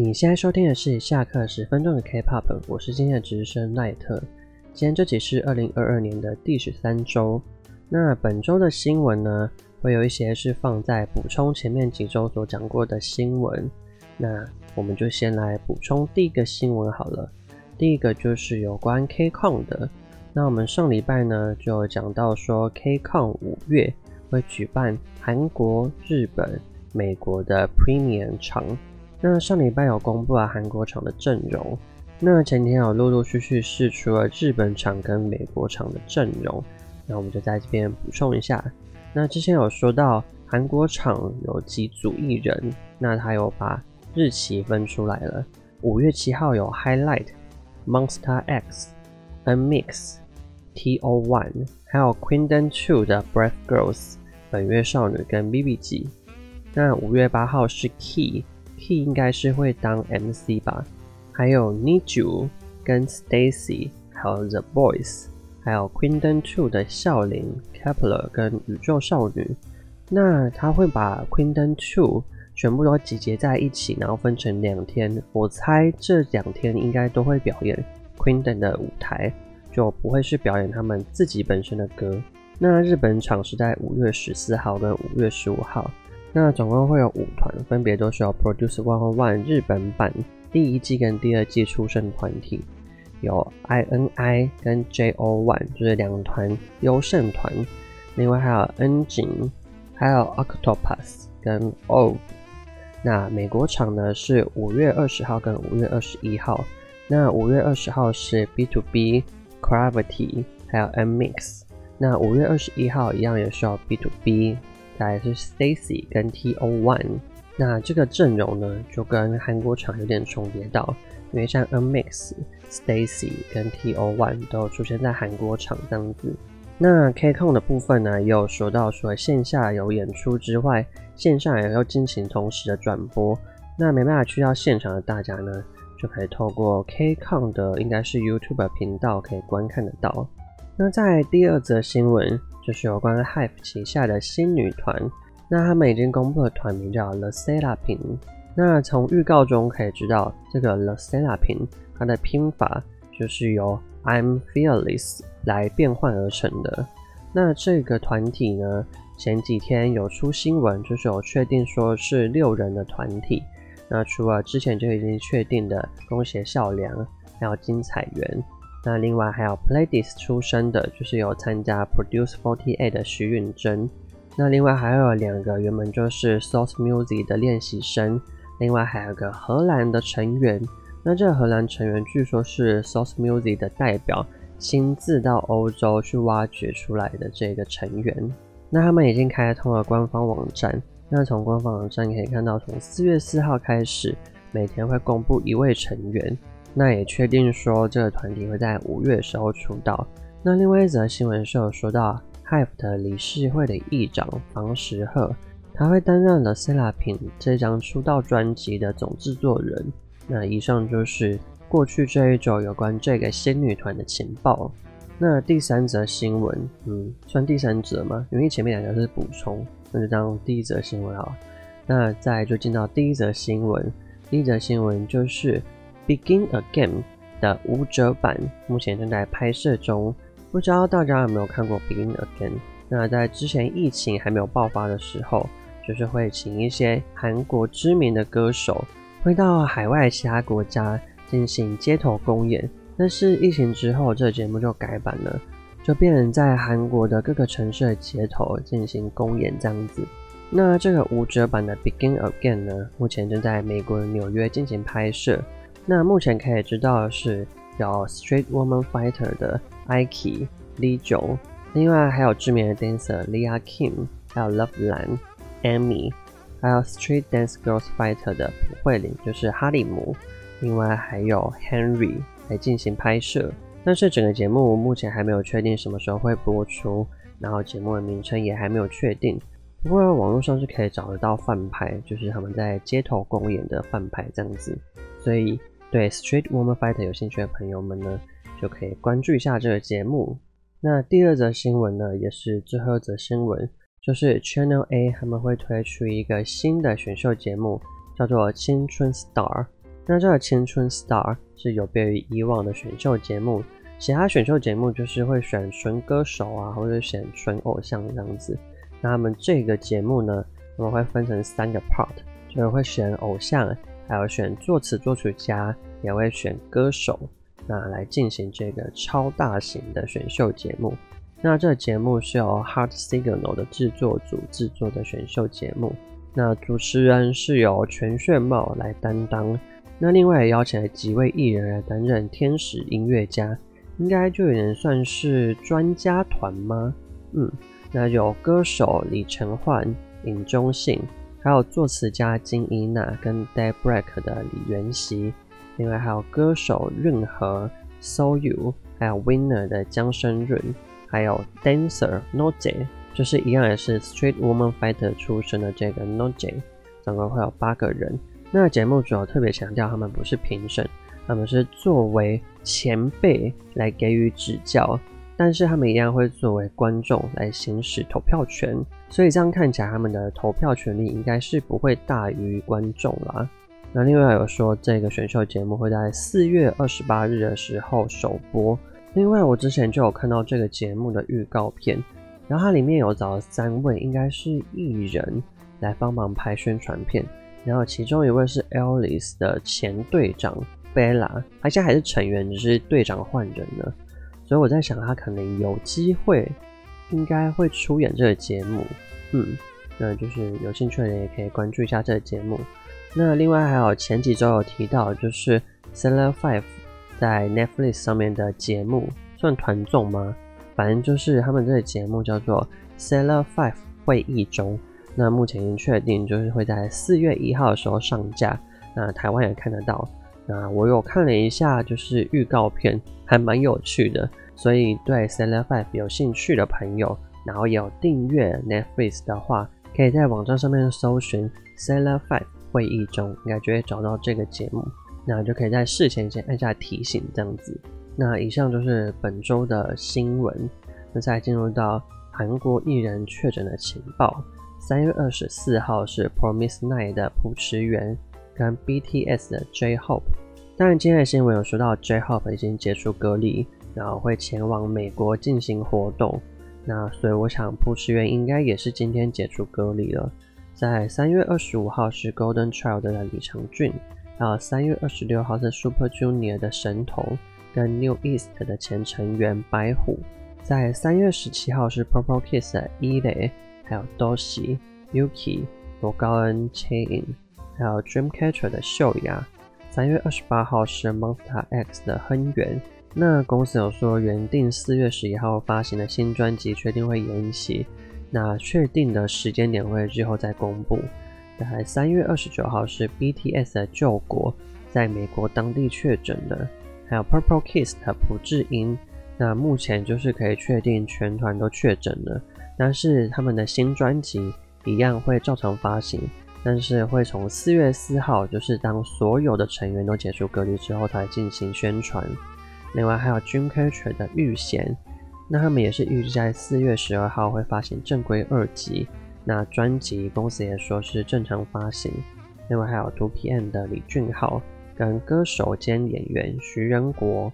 你現在收聽的是下課十分鐘的 K Pop，我是今天的值日生，賴特。今天這期是二零二二年的第十三週，那本週的新聞呢，會有一些是放在補充前面幾週所講過的新聞。那我們就先來補充第一個新聞好了。第一個就是有關 K Con 的，那我們上禮拜呢就講到說 K Con 五月會舉辦韓國、日本、美國的 Premiere 場。那上禮拜有公布了韓國場的陣容，那前天有陸陸續續釋出了日本場跟美國場的陣容，那我們就在這邊補充一下。那之前有說到韓國場有幾組藝人，那他有把日期分出來了。五月七號有 Highlight、Monster X、N Mix、TO1，還有 Queendom 2的 Breath Girls、本月少女跟 BBG。那五月八號是 Key。他應該是會當 MC 吧，還有 Niju 跟 Stacy，還有 The Boys，還有 Queendom 2的孝琳、Kepler 跟宇宙少女。那他會把 Queendom 2全部都集結在一起，然後分成兩天。我猜這兩天應該都會表演 Queendom 的舞台，就不會是表演他們自己本身的歌。那日本場是在五月十四號跟五月十五號。那總共會有五團，分別都是有 Produce 101日本版第一季跟第二季出身團體，有 I.N.I 跟 J.O. One，就是兩團優勝團，另外還有 Enjin 還有 Octopus 跟 O。那美國場呢是五月二十號跟五月二十一號，那五月二十號是 B to B Cravity，還有 NMIXX。那五月二十一號一樣也需要 B to B。大概是 Stacy 跟 T.O.ONE，那這個陣容呢就跟韓國場有點重疊到，因為像 NMIXX Stacy 跟 T.O.ONE 都出現在韓國場這樣子。那 KCON 的部分呢，也有說到說線下有演出之外，線上也要進行同時的轉播。那沒辦法去到現場的大家呢，就可以透過 KCON 的應該是 YouTube 頻道可以觀看得到。那在第二則新聞，就是有關 HYBE 旗下的新女團，那他們已經公布了團名叫 LE SSERAFIM。那從預告中可以知道，這個 LE SSERAFIM 它的拼法就是由 I'm Fearless 來變換而成的。那這個團體呢，前幾天有出新聞，就是有確定說是六人的團體。那除了之前就已經確定的宮脇咲良，還有金彩媛。那另外還有 Play This 出身的，就是有參加 Produce 48的徐允珍。那另外還有兩個原本就是 Source Music 的練習生，另外還有個荷蘭的成員。那這個荷蘭成員據說是 Source Music 的代表親自到歐洲去挖掘出來的這個成員。那他們已經開通了官方網站。那從官方網站可以看到，從四月四號開始，每天會公布一位成員。那也確定說這個團體會在五月的時候出道。那另外一則新聞是有說到，HYBE 理事會的議長房時赫，他會擔任了 LE SSERAFIM 這張出道專輯的總製作人。那以上就是過去這一周有關這個仙女團的情報。那第三則新聞，嗯，算第三則嗎？因為前面兩個是補充，那就當第一則新聞啊。那再來就進到第一則新聞，第一則新聞就是。Begin Again 的舞者版目前正在拍攝中，不知道大家有沒有看過 Begin Again？那在之前疫情還沒有爆發的時候，就是會請一些韓國知名的歌手，會到海外其他國家進行街頭公演。但是疫情之後，這個節目就改版了，就變成在韓國的各個城市的街頭進行公演這樣子。那這個舞者版的 Begin Again 呢，目前正在美國紐約進行拍攝。那目前可以知道的是，有 Street Woman Fighter 的 Aiki Lijo，另外還有知名的 dancer Lia Kim，還有 Love Lan Amy，還有 Street Dance Girls Fighter 的朴慧琳，就是哈里姆，另外還有 Henry 來進行拍攝。但是整個節目目前還沒有確定什麼時候會播出，然後節目的名稱也還沒有確定。不過、啊、網絡上是可以找得到飯拍，就是他們在街頭公演的飯拍這樣子，所以。對《Street Woman Fighter》有興趣的朋友們呢，就可以關注一下這個節目。那第二則新聞呢，也是最後一則新聞，就是 Channel A 他們會推出一個新的選秀節目，叫做《青春 Star》。那這個《青春 Star》是有別於以往的選秀節目，其他選秀節目就是會選純歌手啊，或者選純偶像這樣子。那他們這個節目呢，他們會分成三個 part，就是會選偶像。還有選作詞作曲家，也會選歌手，那來進行這個超大型的選秀節目。那這節目是由 Heart Signal 的制作組制作的選秀節目。那主持人是由全炫茂來擔當。那另外也邀請了幾位藝人來擔任天使音樂家，應該就有人算是專家團嗎？嗯，那有歌手李承煥、尹鐘信。還有作詞家金伊娜跟 Daybreak 的李元熙，另外還有歌手潤河 So You，還有 Winner 的薑昇潤，還有 Dancer Noje，就是一樣也是 Street Woman Fighter 出身的這個 Noje，總共會有八個人。那個節目主要特別強調他們不是評審，他們是作為前輩來給予指教。但是他們一樣會作為觀眾來行使投票權，所以這樣看起來，他們的投票權利應該是不會大於觀眾啦。那另外有說，這個選秀節目會在四月二十八日的時候首播。另外，我之前就有看到這個節目的預告片，然後它裡面有找了三位應該是藝人來幫忙拍宣傳片，然後其中一位是 ELRIS 的前隊長 Bella，他現在還是成員，只是隊長換人了。所以我在想，他可能有機會，應該會出演這個節目。嗯，那就是有興趣的人也可以關注一下這個節目。那另外還有前幾周有提到，就是《Celeb Five》在 Netflix 上面的節目，算團綜嗎？反正就是他們這個節目叫做《Celeb Five》會議中。那目前已經確定，就是會在四月一號的時候上架，那台灣也看得到。啊，我有看了一下，就是預告片還蠻有趣的，所以對《Celeb Five》有興趣的朋友，然後有訂閱 Netflix 的話，可以在網站上面搜尋《Celeb Five》會議中，應該就會找到這個節目，那就可以在事前先按下提醒這樣子。那以上就是本週的新聞，那再進入到韓國藝人確診的情報。三月二十四號是《Promise Night》的朴持元。跟 BTS 的 J-Hope，當然今天的新聞有說到 J-Hope 已經結束隔離，然後會前往美國進行活動。那所以我想朴智媛應該也是今天解除隔離了。在三月二十五號是 Golden Child 的李長俊，然後三月二十六號是 Super Junior 的神童跟 New East 的前成員白虎。在三月十七號是 Purple Kiss 的伊磊，還有 Doshi, Yuki, 多熙、Yuki、羅高恩、車 n 還有 Dreamcatcher 的秀雅，三月二十八號是 Monster X 的亨元。那公司有說，原定四月十一號發行的新專輯確定會延期，那確定的時間點會之後再公布。在三月二十九號是 BTS 的柾國，在美國當地確診了，還有 Purple Kiss 的朴智英。那目前就是可以確定全團都確診了，但是他們的新專輯一樣會照常發行。但是會從四月四號，就是當所有的成員都解除隔離之後，才進行宣傳。另外還有 Dreamcatcher 的預銜，那他們也是預計在四月十二號會發行正規二輯，那專輯公司也說是正常發行。另外還有 2PM 的李俊昊跟歌手兼演員徐仁國，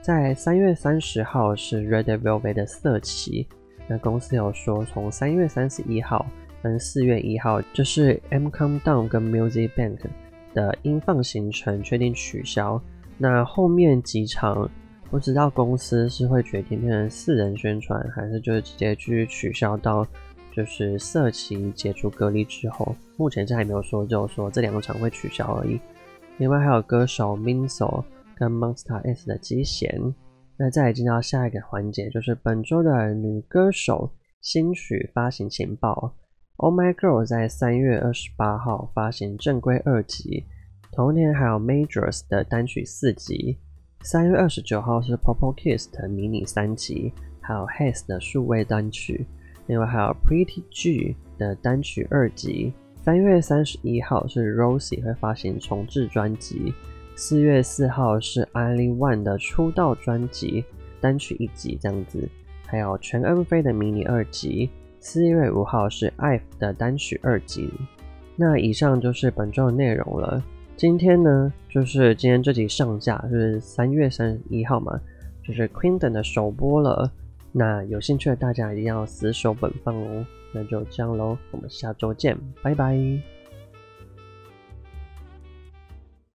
在三月三十號是 Red Velvet 的澀琪。那公司有說從三月三十一號。嗯，四月一號就是《M Countdown》跟《Music Bank》的音放行程確定取消。那後面幾場不知道公司是會決定變成四人宣傳，還是就是直接去取消到就是色情解除隔離之後，目前這還沒有說，就是說這兩場會取消而已。另外還有歌手 Minso 跟 Monsta X 的奇賢。那再進到下一個環節，就是本周的女歌手新曲發行情報。Oh My Girl 在三月二十八號發行正規二輯，同年還有 Major's 的單曲四輯。三月二十九號是 Purple Kiss 的迷你三輯，還有 Haze 的數位單曲。另外還有 Pretty G 的單曲二輯。三月三十一號是 Rosie 會發行重制專輯。四月四號是 Aliwan 的出道專輯，單曲一輯這樣子，還有全恩菲的迷你二輯。四月五號是《If》的單曲二輯。那以上就是本周的內容了。今天呢，就是今天這集上架，就是三月三十一號嘛，就是《Queendom》的首播了。那有興趣的大家一定要死守本放哦。那就這樣嘍，我們下周見，拜拜。